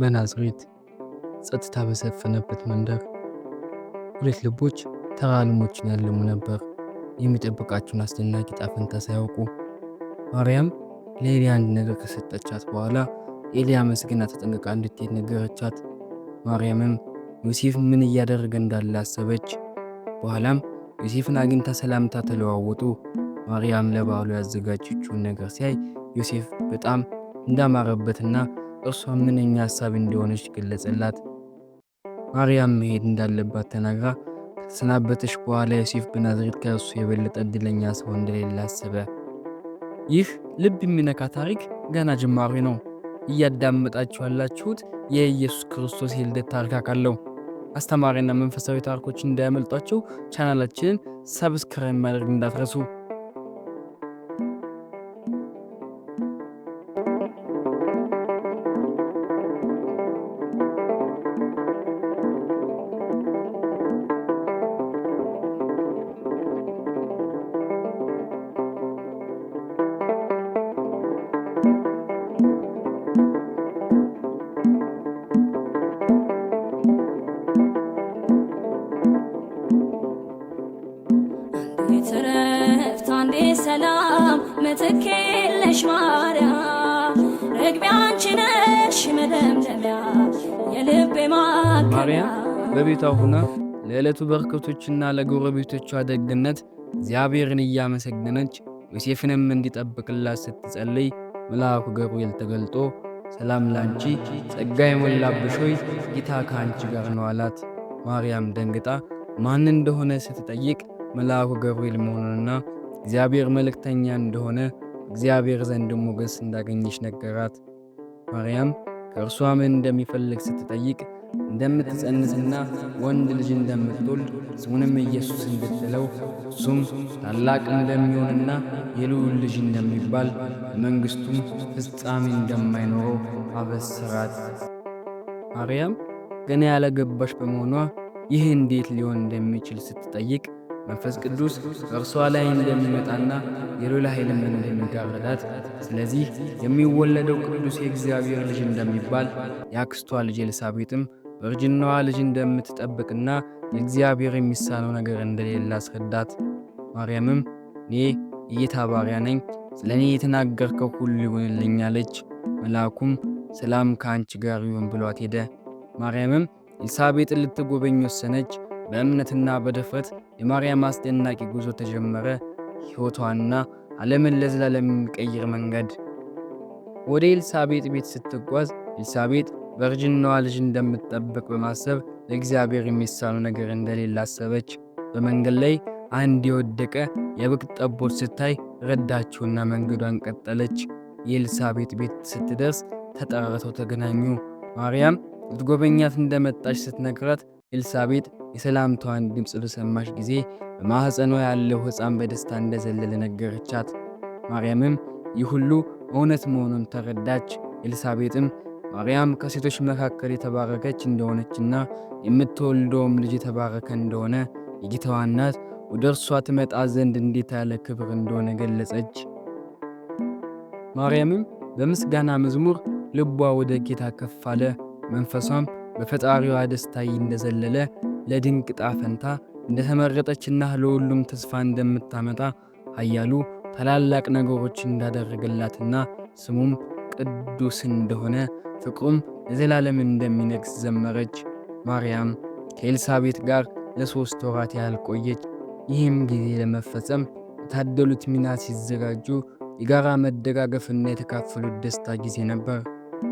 በናዝሬት ጸጥታ በሰፈነበት መንደር ሁለት ልቦች ተራ ያልሙ ነበር፣ የሚጠብቃቸውን አስደናቂ ጣፈንታ ሳያውቁ። ማርያም ለኤልያ አንድ ነገር ከሰጠቻት በኋላ ኤልያ መስገና ተጠንቅቃ እንድትሄድ ነገረቻት። ማርያምም ዮሴፍ ምን እያደረገ እንዳለ አሰበች። በኋላም ዮሴፍን አግኝታ ሰላምታ ተለዋወጡ። ማርያም ለባህሉ ያዘጋጀችውን ነገር ሲያይ ዮሴፍ በጣም እንዳማረበትና እርሷ ምንኛ ሀሳብ እንደሆነች ገለጸላት። ማርያም መሄድ እንዳለባት ተናግራ ከተሰናበተች በኋላ ዮሴፍ በናዝሬት ከእርሱ የበለጠ እድለኛ ሰው እንደሌለ አሰበ። ይህ ልብ የሚነካ ታሪክ ገና ጅማሬ ነው። እያዳመጣችሁ ያላችሁት የኢየሱስ ክርስቶስ የልደት ታሪክ አካለው አስተማሪና መንፈሳዊ ታሪኮችን እንዳያመልጧቸው ቻናላችንን ሰብስክራይብ ማድረግ እንዳትረሱ። ምትኬለሽ ማርያም ርግቤ አንቺ ነሽ መደምደሚያ የልቤ ማርያም በቤቷ ሁና ለዕለቱ በረከቶችና ለጎረቤቶቿ ደግነት እግዚአብሔርን እያመሰገነች ዮሴፍንም እንዲጠብቅላት ስትጸልይ መልአኩ ገብርኤል ተገልጦ ሰላም ላንቺ ጸጋ የሞላብሽ ሆይ ጌታ ከአንቺ ጋር ነው አላት። ማርያም ደንግጣ ማን እንደሆነ ስትጠይቅ መልአኩ ገብርኤል መሆኑንና እግዚአብሔር መልእክተኛ እንደሆነ እግዚአብሔር ዘንድ ሞገስ እንዳገኘች ነገራት። ማርያም ከእርሷ ምን እንደሚፈልግ ስትጠይቅ እንደምትጸንስና ወንድ ልጅ እንደምትወልድ ስሙንም ኢየሱስ እንድትለው እሱም ታላቅ እንደሚሆንና የልዑል ልጅ እንደሚባል መንግሥቱም ፍጻሜ እንደማይኖረው አበስራት ማርያም ገና ያላገባች በመሆኗ ይህ እንዴት ሊሆን እንደሚችል ስትጠይቅ መንፈስ ቅዱስ በእርሷ ላይ እንደሚመጣና የሌላ ኃይልም እንደሚጋረዳት፣ ስለዚህ የሚወለደው ቅዱስ የእግዚአብሔር ልጅ እንደሚባል የአክስቷ ልጅ ኤልሳቤጥም በእርጅናዋ ልጅ እንደምትጠብቅና የእግዚአብሔር የሚሳነው ነገር እንደሌለ አስረዳት። ማርያምም እኔ የጌታ ባሪያ ነኝ፣ ስለ እኔ የተናገርከው ሁሉ ይሆንልኛለች። መልአኩም ሰላም ከአንቺ ጋር ይሁን ብሏት ሄደ። ማርያምም ኤልሳቤጥን ልትጎበኝ ወሰነች። በእምነትና በድፍረት የማርያም አስደናቂ ጉዞ ተጀመረ። ሕይወቷና ዓለምን ለዘላለም የሚቀይር መንገድ። ወደ ኤልሳቤጥ ቤት ስትጓዝ ኤልሳቤጥ በእርጅናዋ ልጅ እንደምትጠብቅ በማሰብ ለእግዚአብሔር የሚሳኑ ነገር እንደሌለ አሰበች። በመንገድ ላይ አንድ የወደቀ የበግ ጠቦት ስታይ ረዳችውና መንገዷን ቀጠለች። የኤልሳቤጥ ቤት ስትደርስ ተጠራርተው ተገናኙ። ማርያም ልትጎበኛት እንደመጣች ስትነግራት ኤልሳቤጥ የሰላምቷን ድምፅ በሰማሽ ጊዜ በማኅፀኗ ያለው ሕፃን በደስታ እንደዘለለ ነገረቻት። ማርያምም ይህ ሁሉ እውነት መሆኑን ተረዳች። ኤልሳቤጥም ማርያም ከሴቶች መካከል የተባረከች እንደሆነችና የምትወልደውም ልጅ የተባረከ እንደሆነ የጌታዋ እናት ወደ እርሷ ትመጣ ዘንድ እንዴት ያለ ክብር እንደሆነ ገለጸች። ማርያምም በምስጋና መዝሙር ልቧ ወደ ጌታ ከፍ አለ። መንፈሷም በፈጣሪዋ ደስታ እንደዘለለ ለድንቅ ጣፈንታ እንደተመረጠችና ለሁሉም ተስፋ እንደምታመጣ ኃያሉ ታላላቅ ነገሮች እንዳደረገላትና ስሙም ቅዱስ እንደሆነ ፍቅሩም ለዘላለም እንደሚነግስ ዘመረች። ማርያም ከኤልሳቤት ጋር ለሦስት ወራት ያህል ቆየች። ይህም ጊዜ ለመፈጸም የታደሉት ሚና ሲዘጋጁ የጋራ መደጋገፍና የተካፈሉት ደስታ ጊዜ ነበር።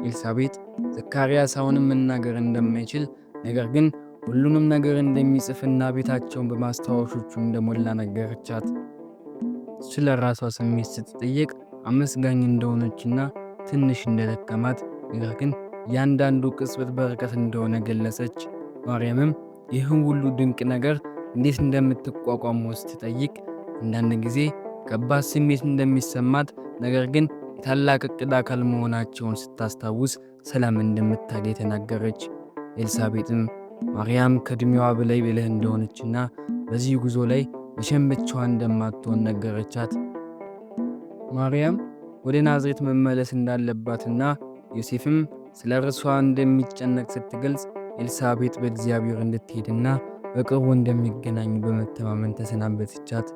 ኤልሳቤት ዘካርያስ አሁንም መናገር እንደማይችል ነገር ግን ሁሉንም ነገር እንደሚጽፍና ቤታቸውን በማስታወሾቹ እንደሞላ ነገረቻት። ስለ ራሷ ስሜት ስትጠየቅ አመስጋኝ እንደሆነችና ትንሽ እንደደከማት ነገር ግን ያንዳንዱ ቅጽበት በረከት እንደሆነ ገለጸች። ማርያምም ይህን ሁሉ ድንቅ ነገር እንዴት እንደምትቋቋመው ስትጠይቅ አንዳንድ ጊዜ ከባድ ስሜት እንደሚሰማት ነገር ግን የታላቅ እቅድ አካል መሆናቸውን ስታስታውስ ሰላም እንደምታገኝ ተናገረች። ኤልሳቤጥም ማርያም ከዕድሜዋ በላይ ብልህ እንደሆነችና በዚህ ጉዞ ላይ መቼም ብቻዋን እንደማትሆን ነገረቻት። ማርያም ወደ ናዝሬት መመለስ እንዳለባትና ዮሴፍም ስለ እርሷ እንደሚጨነቅ ስትገልጽ ኤልሳቤጥ በእግዚአብሔር እንድትሄድና በቅርቡ እንደሚገናኙ በመተማመን ተሰናበተቻት።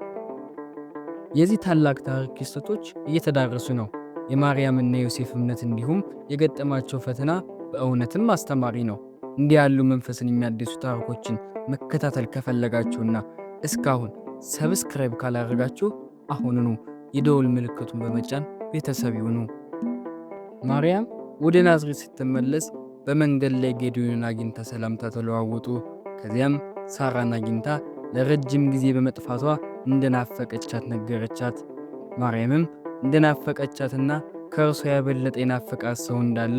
የዚህ ታላቅ ታሪክ ክስተቶች እየተዳረሱ ነው። የማርያምና የዮሴፍ እምነት እንዲሁም የገጠማቸው ፈተና በእውነትም አስተማሪ ነው። እንዲህ ያሉ መንፈስን የሚያድሱ ታሪኮችን መከታተል ከፈለጋችሁና እስካሁን ሰብስክራይብ ካላደረጋችሁ አሁንኑ የደወል ምልክቱን በመጫን ቤተሰብ ይሁኑ። ማርያም ወደ ናዝሬት ስትመለስ በመንገድ ላይ ጌዲዮንን አግኝታ ሰላምታ ተለዋወጡ። ከዚያም ሳራን አግኝታ ለረጅም ጊዜ በመጥፋቷ እንደናፈቀቻት ነገረቻት። ማርያምም እንደናፈቀቻትና ከእርሷ ያበለጠ የናፈቃት ሰው እንዳለ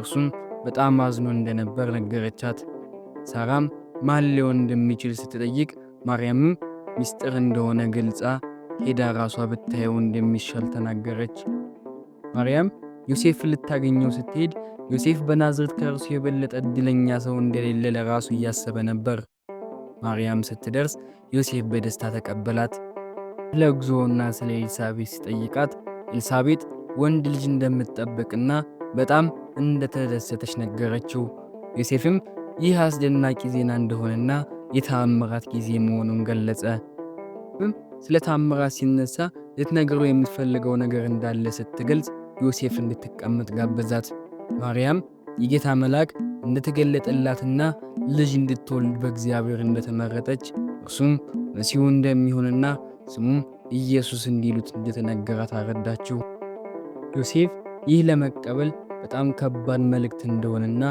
እርሱም በጣም አዝኖ እንደነበር ነገረቻት። ሳራም ማን ሊሆን እንደሚችል ስትጠይቅ ማርያምም ሚስጥር እንደሆነ ገልጻ ሄዳ ራሷ ብታየው እንደሚሻል ተናገረች። ማርያም ዮሴፍ ልታገኘው ስትሄድ ዮሴፍ በናዝሬት ከእርሱ የበለጠ እድለኛ ሰው እንደሌለ ለራሱ እያሰበ ነበር። ማርያም ስትደርስ ዮሴፍ በደስታ ተቀበላት። ስለ ጉዞና ስለ ኤልሳቤጥ ሲጠይቃት ኤልሳቤጥ ወንድ ልጅ እንደምትጠብቅና በጣም እንደተደሰተች ነገረችው። ዮሴፍም ይህ አስደናቂ ዜና እንደሆነና የተአምራት ጊዜ መሆኑን ገለጸ። ስለ ተአምራት ሲነሳ ልትነግረው የምትፈልገው ነገር እንዳለ ስትገልጽ ዮሴፍ እንድትቀመጥ ጋበዛት። ማርያም የጌታ መልአክ እንደተገለጠላትና ልጅ እንድትወልድ በእግዚአብሔር እንደተመረጠች እርሱም መሲሁ እንደሚሆንና ስሙም ኢየሱስ እንዲሉት እንደተነገራት አረዳችው። ዮሴፍ ይህ ለመቀበል በጣም ከባድ መልእክት እንደሆነና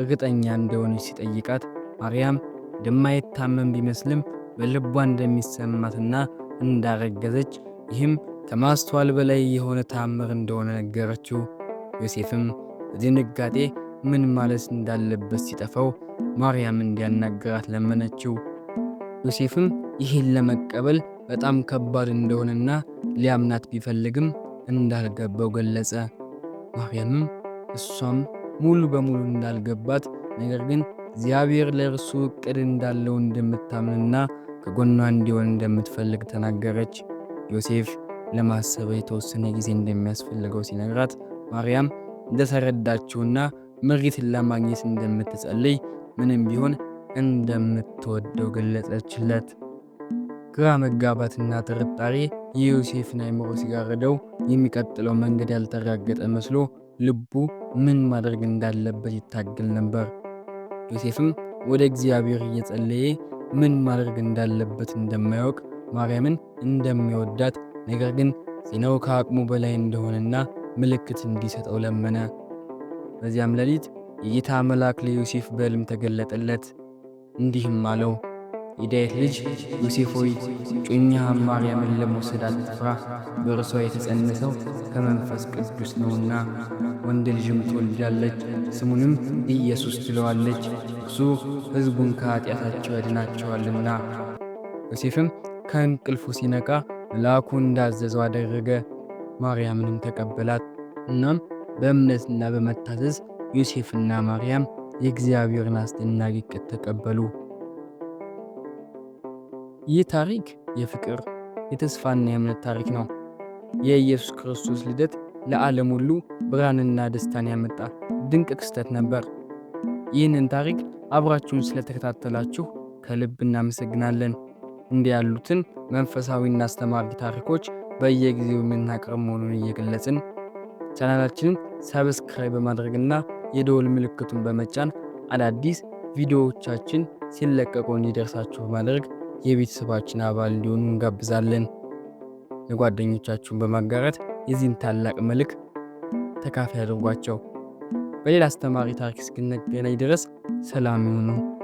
እርግጠኛ እንደሆነች ሲጠይቃት ማርያም እንደማይታመም ቢመስልም በልቧ እንደሚሰማትና እንዳረገዘች ይህም ከማስተዋል በላይ የሆነ ታምር እንደሆነ ነገረችው። ዮሴፍም በድንጋጤ ምን ማለት እንዳለበት ሲጠፋው ማርያም እንዲያናገራት ለመነችው። ዮሴፍም ይህን ለመቀበል በጣም ከባድ እንደሆነና ሊያምናት ቢፈልግም እንዳልገባው ገለጸ። ማርያምም እሷም ሙሉ በሙሉ እንዳልገባት ነገር ግን እግዚአብሔር ለእርሱ እቅድ እንዳለው እንደምታምንና ከጎኗ እንዲሆን እንደምትፈልግ ተናገረች። ዮሴፍ ለማሰብ የተወሰነ ጊዜ እንደሚያስፈልገው ሲነግራት ማርያም እንደተረዳችውና መሬትን ለማግኘት እንደምትጸልይ ምንም ቢሆን እንደምትወደው ገለጸችለት። ግራ መጋባትና ጥርጣሬ የዮሴፍን አይምሮ ሲጋርደው የሚቀጥለው መንገድ ያልተረጋገጠ መስሎ ልቡ ምን ማድረግ እንዳለበት ይታገል ነበር። ዮሴፍም ወደ እግዚአብሔር እየጸለየ ምን ማድረግ እንዳለበት እንደማያውቅ ማርያምን እንደሚወዳት ነገር ግን ዜናው ከአቅሙ በላይ እንደሆነና ምልክት እንዲሰጠው ለመነ። በዚያም ሌሊት የጌታ መልአክ ለዮሴፍ በሕልም ተገለጠለት፣ እንዲህም አለው የዳዊት ልጅ ዮሴፍ ሆይ ማርያም ማርያምን ለመውሰድ አትፍራ፣ በእርሷ የተጸነሰው ከመንፈስ ቅዱስ ነውና ወንድ ልጅም ትወልዳለች፣ ስሙንም ኢየሱስ ትለዋለች፣ እርሱ ሕዝቡን ከኃጢአታቸው ያድናቸዋልና። ዮሴፍም ከእንቅልፉ ሲነቃ መልአኩ እንዳዘዘው አደረገ። ማርያምንም ተቀበላት። እናም በእምነትና በመታዘዝ ዮሴፍና ማርያም የእግዚአብሔርን አስደናቂ ዕቅድ ተቀበሉ። ይህ ታሪክ የፍቅር የተስፋና የእምነት ታሪክ ነው። የኢየሱስ ክርስቶስ ልደት ለዓለም ሁሉ ብርሃንና ደስታን ያመጣ ድንቅ ክስተት ነበር። ይህንን ታሪክ አብራችሁን ስለተከታተላችሁ ከልብ እናመሰግናለን። እንዲህ ያሉትን መንፈሳዊና አስተማሪ ታሪኮች በየጊዜው የምናቀርብ መሆኑን እየገለጽን ቻናላችንን ሰብስክራይብ በማድረግና የደወል ምልክቱን በመጫን አዳዲስ ቪዲዮዎቻችን ሲለቀቁ እንዲደርሳችሁ በማድረግ የቤተሰባችን አባል እንዲሆኑ እንጋብዛለን። ለጓደኞቻችሁን በማጋራት የዚህን ታላቅ መልክ ተካፋይ አድርጓቸው። በሌላ አስተማሪ ታሪክ እስክንገናኝ ድረስ ሰላም ይሁኑ።